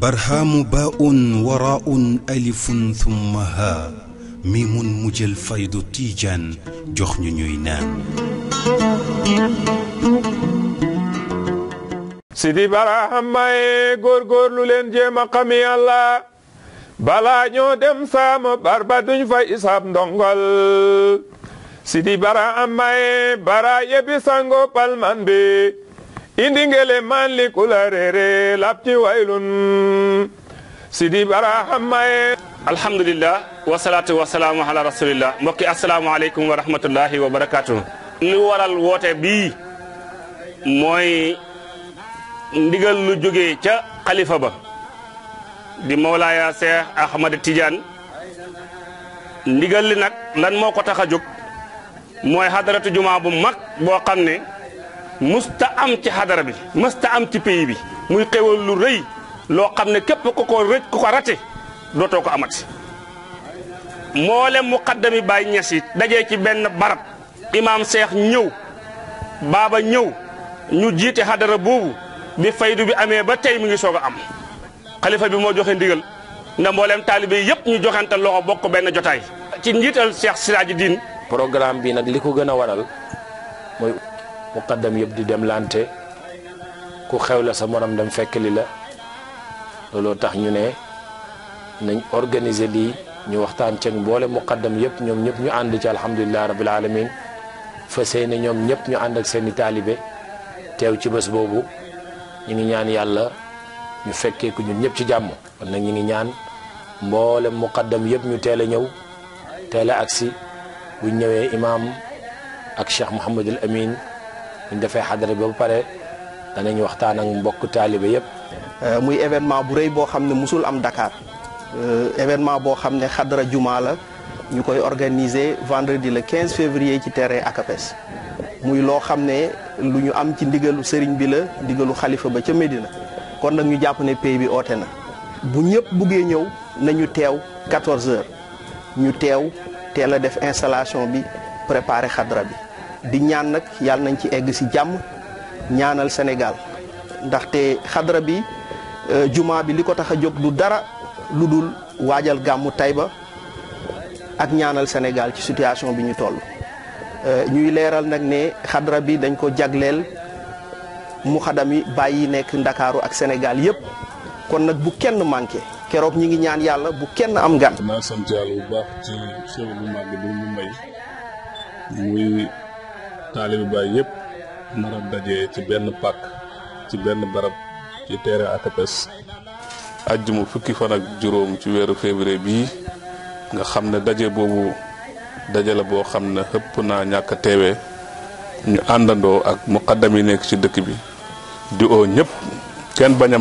barhaamu baa'un waraa'un alifun thumma haa miimun mu faydu tiijaan jox ñu ñuy naan. Sidi Barham maye góorgóorlu leen jéem a xami yàlla balaa dem saama barba duñ fa isaab ndongol. sidi bara ammaye bara yebi sango palman be indingele manli kula rere lapti waylun sidi bara ammaye alhamdulillah wasalaatu wasalaamu ala rasulillah mbokki asalaamualeykum wa rahmatullahi wa barakatuh lu waral woote bii mooy ndigal lu ca xalifa ba di mawlaaya Cheikh Ahmad Tidiane ndigal li nag lan moo ko tax a jóg mooy xadaratu jumaa bu mag boo xam ne musta am ci xadara bi musta am ci pays bi muy xewal lu rëy loo xam ne képp ko ko rëj ku ko rate dootoo ko amati mboolem muqaddami Baay Ñas yi daje ci benn barab imaam Seex ñëw baaba ñëw ñu jiite xadara boobu bi faydu bi amee ba tey mi ngi soog a am xalifa bi moo joxe ndigal nda mboolem taalibe yëpp ñu joxante loxo bokk benn jotaay ci njiital Seex Siraaji Diin programme bi nag li ko gën a waral mooy muqaddam yëpp di dem lante ku xew la sa morom dem fekk li la looloo tax ñu ne nañ organiser lii ñu waxtaan ceeg mboole muqaddam yëpp ñoom ñëpp ñu ànd ci alhamdulilah rabbil alamin fa seeni ñoom ñëpp ñu ànd ak seeni taalibe teew ci bés boobu ñu ngi ñaan yàlla ñu fekkee ko ñun ñëpp ci jàmm kon nag ñu ngi ñaan mboole muqaddam yëpp ñu teel a ñëw teel a agsi buñ ñëwee imaam ak cheikh Mouhamadul Amin buñ defee xadara bi ba pare danañ waxtaan ak mbokk taalibe yëpp. Euh, muy événement bu rëy boo xam ne musul am Dakar euh, événement boo xam ne xadara juma la ñu koy organiser vendredi le quinze février ci terrain ACAPES muy loo xam ne lu ñu am ci ndigalu sëriñ bi la ndigalu xalifa ba ca médina kon nag ñu jàpp ne pays bi oote na bu ñëpp buggee ñëw nañu teew 14 heures ñu teew teel a def installation bi préparer xadra bi di ñaan nag yàlla nañ ci egg si jàmm ñaanal senegal ndaxte xadra bi euh, juma bi li ko tax a jóg du dara lu dul waajal gàmmu Taïba ak ñaanal Sénégal ci situation bi ñu toll euh, ñuy leeral nag ne xadra bi dañ ko jagleel mu xadami bàyyi nekk Ndakaaru ak Sénégal yépp kon nag bu kenn manqué keroog ñi ngi ñaan yàlla bu kenn am gan. naa sant yàlla bu baax ci xew lu màgg bi mu may muy taalibi baay yëpp nar daje ci benn pàkk ci benn barab ci terrain ATPES. ajjuma fukki fan juróom ci weeru février bii nga xam ne daje boobu dajale boo xam ne xëpp naa ñàkk a teewee ñu àndandoo ak muqaddam yi nekk ci dëkk bi di oo ñëpp kenn bañ a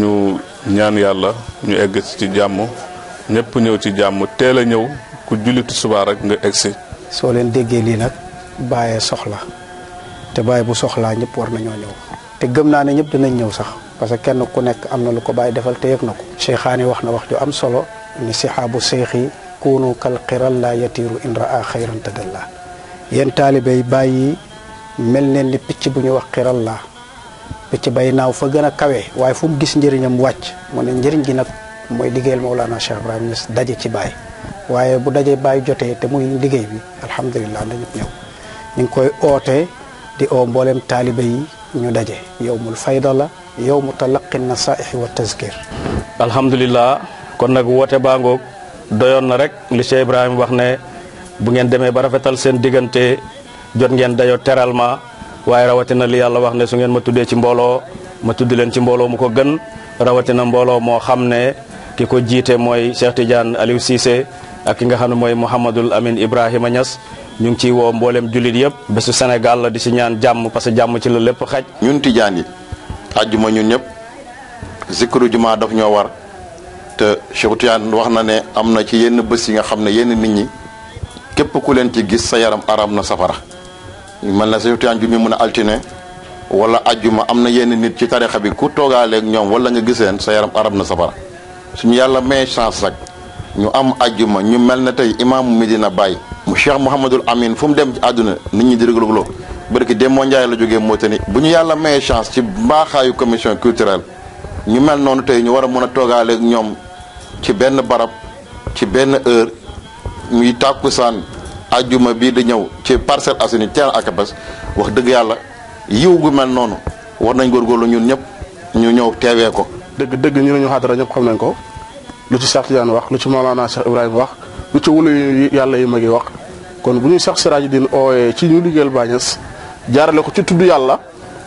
ñu. ñaan yàlla ñu egg ci jàmm ñëpp ñëw ci jàmm teel a ñëw ku jullitu subaa rek nga egg si. soo leen déggee lii nag bàyyee soxla te bàyyi bu soxlaa ñëpp war nañoo ñëw te gëm naa ne ñëpp dinañ ñëw sax parce que kenn ku nekk am na lu ko bàyyi defal te yëg na ko. Cheikhaani wax na wax ju am solo ni sixaabu seex yi kuunu kal xiral laa yatiiru in raa xayran tadalla yéen taalibe bàyyi mel neen ni picc bu ñu wax xiral laa. ci bay naaw fa gën a kawe waaye fu gis njëriñam wàcc mu njëriñ gi nag mooy liggéeyal Mawlana na Ibrahima Niass daje ci baay waaye bu dajee baay jotee te muy liggéey bi alhamdulilah nañu ñëw ñu ngi koy ootee di oo mboolem taalibe yi ñu daje mu fayda la yowmu talaqi nasaixi wa tazkir alhamdulilah kon nag woote baa ngoog doyoon na rek li Cheikh Ibrahima wax ne bu ngeen demee ba rafetal seen diggante jot ngeen dayoo teral ma waaye rawatina li yàlla wax ne su ngeen ma tuddee ci mbooloo ma tudd leen ci mbooloo mu ko gën rawatina mbooloo moo xam ne ki ko jiite mooy Cheikh Tidiane Aliou Cissé ak ki nga xam ne mooy Mouhamadul Amin Ibrahima Niass ñu ngi ciy woo mboolem jullit yëpp bésu Sénégal di si ñaan jàmm parce que jàmm ci la lépp xaj. ñun Tijaan yi àjjuma ñun ñëpp zikru jumaa daf ñoo war te Cheikh Tidiane wax na ne am na ci yenn bés yi nga xam ne yenn nit ñi képp ku leen ci gis sa yaram aram na safara. man na si tiyaan jumi mun a altine wala ajjuma am na yenn nit ci tarixa bi ku toogaaleeg ñoom wala nga giseen sa yaram arab na safara suñu yàlla may chance rek ñu am ajjuma ñu mel na tey imaamu Medina Baye mu Cheikh Mouhamadul Amin fu mu dem ci àdduna nit ñi di réglugloo bërki Demba Ndiaye la moo Mauritanie bu ñu yàlla mayee chance ci mbaaxaayu commission culturelle ñu mel noonu tey ñu war a mën a toogaaleeg ñoom ci benn barab ci benn heure muy tàkkusaan ajjuma bii di ñëw ci Parcelles Assainies Thiel ak Akabas wax dëgg yàlla yiw gu mel noonu war nañ góorgóorlu ñun ñëpp ñu ñëw teewee ko. dëgg dëgg ñu ne ñu xaadara ñëpp xam nañ ko lu ci Cheikh Tidiane wax lu ci Maolana Cheikh Ibrahima wax lu ci wulu yàlla yi magi wax kon bu ñuy sax ñu Cheikh din ooyee ci ñu liggéeyal Bañes jaarale ko ci tudd yàlla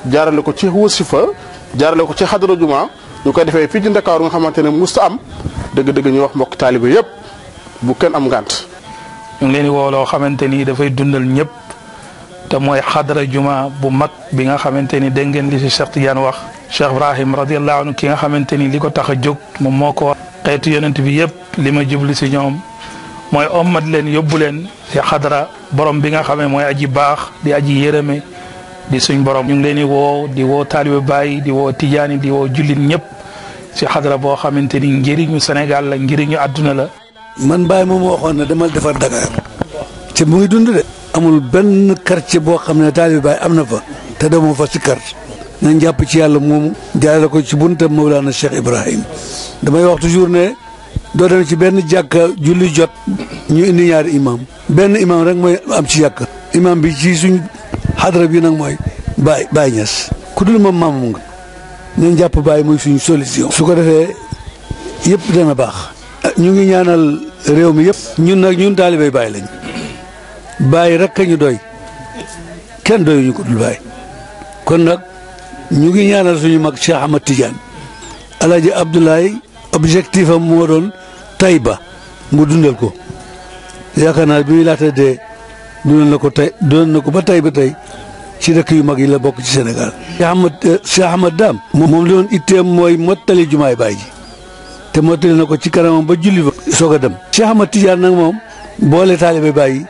jaarale ko ci wasifa jaarale ko ci xadara juma ñu koy defee fii ci Ndakaaru nga xamante ne musta am dëgg-dëgg ñuy wax mbokk taalibe yëpp bu kenn am ngànt ñu ngi di woo loo xamante ni dafay dundal ñëpp te mooy xadra juma bu mag bi nga xamante ni dégg ngeen li si Cheikh Tidiane wax Cheikh Ibrahim radiallahu anhu ki nga xamante ni li ko tax a jóg moom moo ko xeetu yonent bi yëpp li ma jubli si ñoom mooy ommat leen yóbbu leen si xadra borom bi nga xamee mooy aji baax di aji yërëme di suñ borom ñu ngi leen di woo di woo taalibe Baay di woo Tidiane di woo jullit ñëpp si xadra boo xamante ni njëriñu Sénégal la njëriñu àdduna la man Baye moom waxoon na demal defar Dakar ci mu ngi dund de. amul benn quartier boo xam ne taalibe Baye am na fa te demoo fa ci carte nañ jàpp ci yàlla moomu jaarale ko ci buntam Mawlana Cheikh Ibrahim damay wax toujours ne doo dem ci benn jàkka julli jot ñu indi ñaari imam benn imam rek mooy am ci jàkka imam bi ci suñ xadra bi nag mooy Baye Baye Niass ku dul moom maamam nga nañ jàpp Baye mooy suñ solution. su ko defee yëpp dana baax. ñu ngi ñaanal réew mi yëpp ñun nag ñun taalibey Baay lañ bàyyi rek a ñu doy kenn doyuñu ko dul Baay kon nag ñu ngi ñaanal suñu mag Cheikh Ahmad Tidiane Alaaji Abdoulaye objectif am moo doon ba mu dundal ko yaakaar naa bi muy laata dee dundal na ko tey dundal na ko ba tey ba tey ci dëkk yu mag yi la bokk ci Sénégal Cheikh Ahmad Cheikh Ahmad Dame moom li doon itteem mooy mottali jumaay baay ji te mottali na ko ci kanamam ba julli ba soog a dem Cheikh Ahmad Tidiane nag moom boole taalibe bàyyi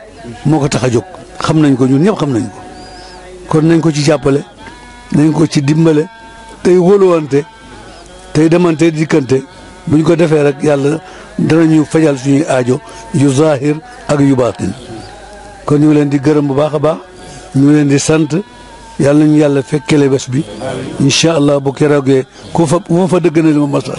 moo ko tax a jog xam nañ ko ñun ñëpp xam nañ ko kon nañ ko ci jàppale nañ ko ci dimbale tey wóoluwante tey demante dikkante buñ ko defee rek yàlla danañu fajal suñuy aajo yu zahir ak yu baatin kon ñu ngi leen di gërëm bu baax a baax ñu ngi leen di sant yàlla ñu yàlla fekkele bés bi incha allah bu keroogee ku fa ku fa dëgg na ma masal